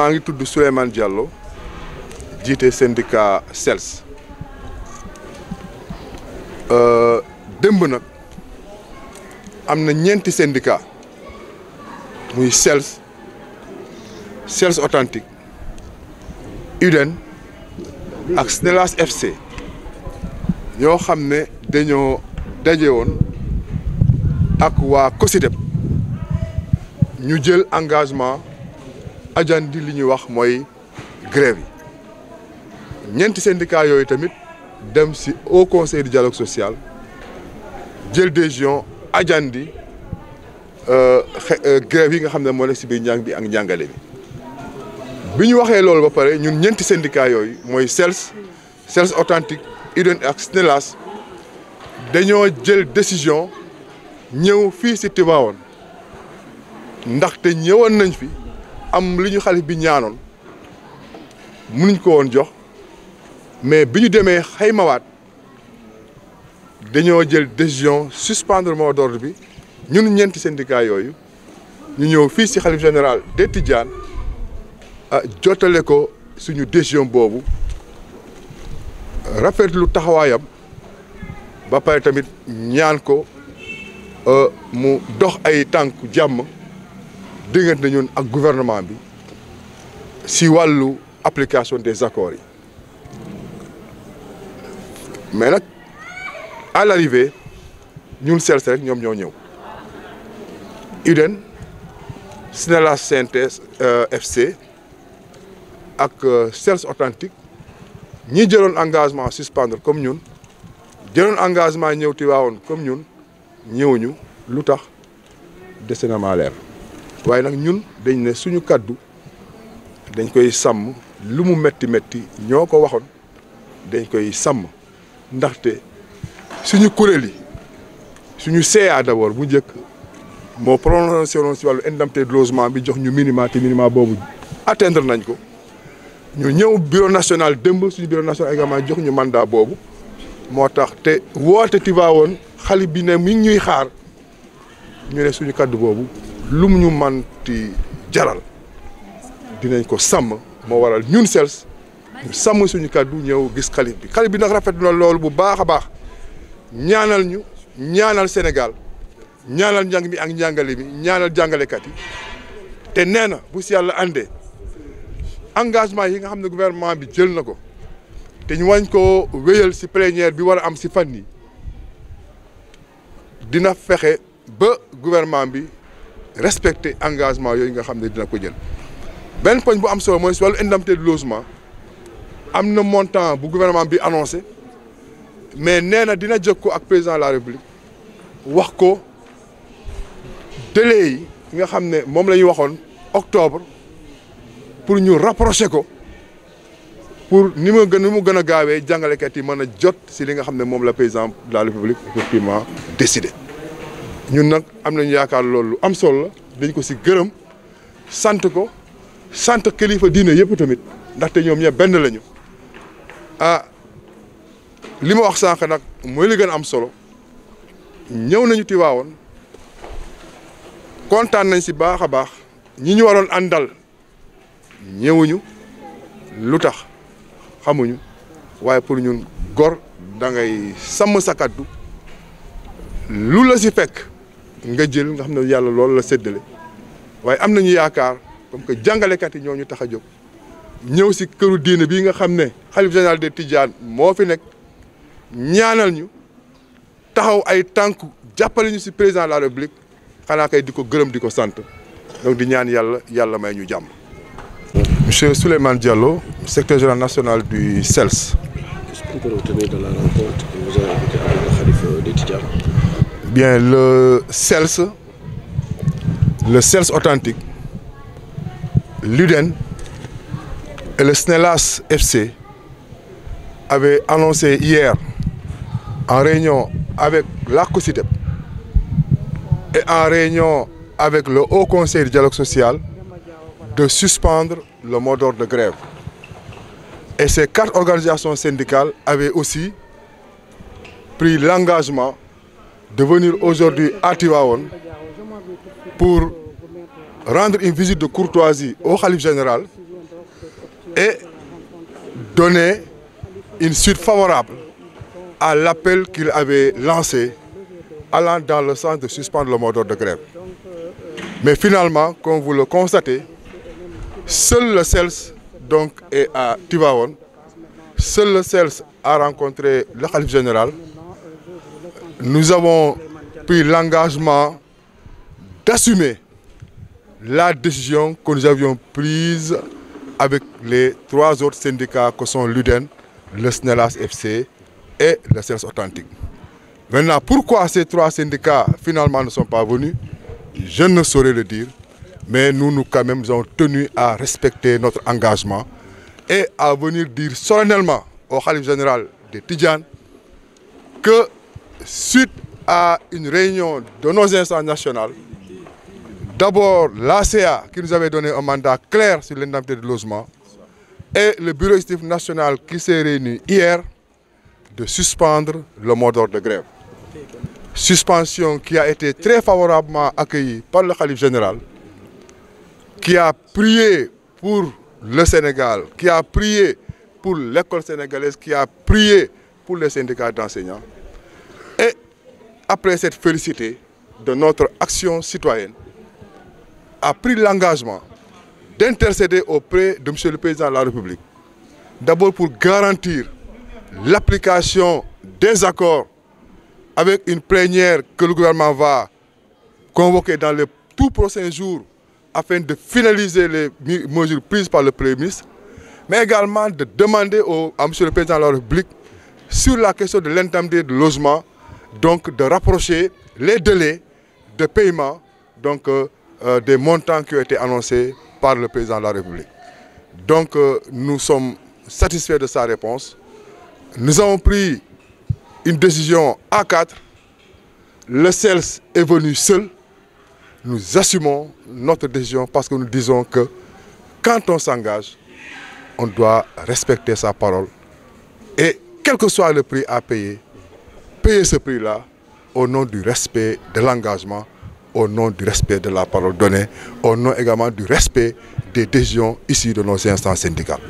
maa ngi tudd Souleymane Diallo jiite syndicat SELS euh, démb nag am na ñeenti syndicat muy SELS SELS authentique UDEN ak Snelas FC ñoo xam ne dañoo daje woon ak waa COSYDEP ñu jël engagement ajandi li ñuy wax mooy grève yi ñeenti syndicat yooyu tamit dem ci Haut Conseil du dialogue social jël décision ajandi euh, euh, grève yi nga xam ne moo nekk ci biir njàng bi ak njàngale bi bi ñu waxee loolu ba pare ñun ñeenti syndicat yooyu mooy SELS SELS authentique Uden ak SNELAS dañoo jël décision ñëw fii ci Tivaouane ndaxte ñëwoon nañ fi am li ñu xalif bi ñaanoon mënuñ ko woon jox mais bi ñu demee xaymawaat dañoo jël décision suspendre mot d'ordre bi ñun ñeenti syndicat yooyu ñu ñëw fii si xalif général des Tidianes a jotale ko suñu décision boobu rafet lu taxawaayam ba pare tamit ñaan ko euh, mu dox ay tànk jàmm diggante ñun ak gouvernement bi si wàllu application des accords mais nag à l'arrivée ñun CELS rek ñoom ñoo ñëw Uden Sinela CNTS euh, FC ak CELS euh, authentique ñi jëloon engagement suspendre comme ñun jëloon engagement ñëw Tivaouane comme ñun ñëwuñu lu tax dese na maa waaye nag ñun dañ ne suñu kàddu dañ koy sàmm lu mu metti métti ñoo ko waxoon dañ koy sàmm ndaxte suñu kuréel yi suñu CA d'abord bu njëkk moo prononcé woon si wàllu indemnité de bi jox ñu minima te minima boobu atteindre nañ ko ñu ñëw bureau national démb suñu bureau national également jox ñu mandat boobu moo tax te woote Tivaouane xali bi ne mi ñuy xaar ñu ne suñu kàddu boobu lum ñu manti jaral dinañ ko sàmm moo waral ñun sels ñu sàmm suñu kàddu ñëw gis xalif bi xalif bi nag rafet na loolu bu baax a baax ñaanal ñu ñaanal Sénégal ñaanal njàng mi ak njàngale mi ñaanal jàngalekat yi te nee na bu si yàlla àndee engagement yi nga xam ne gouvernement bi jël na ko te ñu wañ ko wéyal si plénière bi war a am si fan yi dina fexe ba gouvernement bi respecter engagement yooyu nga xam ne dina ko jël benn poñ bu am solo mooy si wàllu indemnité de logement am na montant bu gouvernement bi annoncé mais nee na dina ko ak président la république wax ko délai nga xam ne moom la ñu waxoon octobre pour ñu rapprocher ko pour ni ma gën mu gën a gaawee jàngalekat yi mën a jot si li nga xam ne moom la président de la république effectivement décidé. ñun nag am nañu yaakaar loolu lu am solo la dañ ko si gërëm sant ko sant kilifa diine yëpp tamit ndaxte ñoom ñëpp benn lañu ah li ma wax sànq nag mooy li gën a am solo ñëw nañu ti waawoon kontaan nañ si baax a baax ñi ñu waroon àndal ñëwuñu lu tax xamuñu waaye pour ñun gor da ngay sàmm sa kàddu lu la si fekk. nga jël nga xam ne yàlla loolu la séddale waaye am nañu yaakaar comme que jàngalekat yi ñoo ñu tax a jóg ñëw si këru diine bii nga xam ne xalif général de Tidiane moo fi nekk ñaanal ñu taxaw ay tànk jàppale ñu si président de la république xanaa kay di ko gërëm di ko sant donc di ñaan yàlla yàlla may ñu jàmm. monsieur Souleymane Diallo secrétaire général national du CELS. bien le CELS le CELS authentique l'UDEN et le SNELAS FC avaient annoncé hier en réunion avec la COSIDEP et en réunion avec le Haut Conseil du dialogue social de suspendre le mot d'ordre de grève. Et ces quatre organisations syndicales avaient aussi pris l'engagement de venir aujourd'hui à Tivaouane pour rendre une visite de courtoisie au Khalife général et donner une suite favorable à l'appel qu'il avait lancé allant dans le sens de suspendre le mot d'ordre de grève. Mais finalement, comme vous le constatez, seul le celle donc, est à Tivaouane, seul le CELS a rencontré le Khalife général nous avons pris l'engagement d'assumer la décision que nous avions prise avec les trois autres syndicats que sont l'UDEN, le SNELAS FC et le SNELAS Authentique. Maintenant, pourquoi ces trois syndicats finalement ne sont pas venus Je ne saurais le dire, mais nous, nous quand même, nous avons tenu à respecter notre engagement et à venir dire solennellement au Khalif général de Tidjane suite à une réunion de nos instances nationales, d'abord l'ACA qui nous avait donné un mandat clair sur l'indemnité de logement et le bureau exécutif national qui s'est réuni hier de suspendre le mot d'ordre de grève. Suspension qui a été très favorablement accueillie par le Khalif général, qui pour le Sénégal, qui a prié pour l'école sénégalaise, qui a prié pour les syndicats d'enseignants. après cette félicité de notre action citoyenne, a pris l'engagement d'intercéder auprès de M. le Président de la République, d'abord pour garantir l'application des accords avec une plénière que le gouvernement va convoquer dans les tout prochains jours afin de finaliser les mesures prises par le Premier mais également de demander au, à M. le Président de la République sur la question de l'indemnité de logement donc de rapprocher les délais de paiement donc, euh, euh, des montants qui ont été annoncés par le président de la République. Donc euh, nous sommes satisfaits de sa réponse. Nous avons pris une décision à quatre. Le CELS est venu seul. Nous assumons notre décision parce que nous disons que quand on s'engage, on doit respecter sa parole. Et quel que soit le prix à payer, payer ce prix-là au nom du respect de l'engagement, au nom du respect de la parole donnée, au nom également du respect des décisions issues de nos instances syndicales.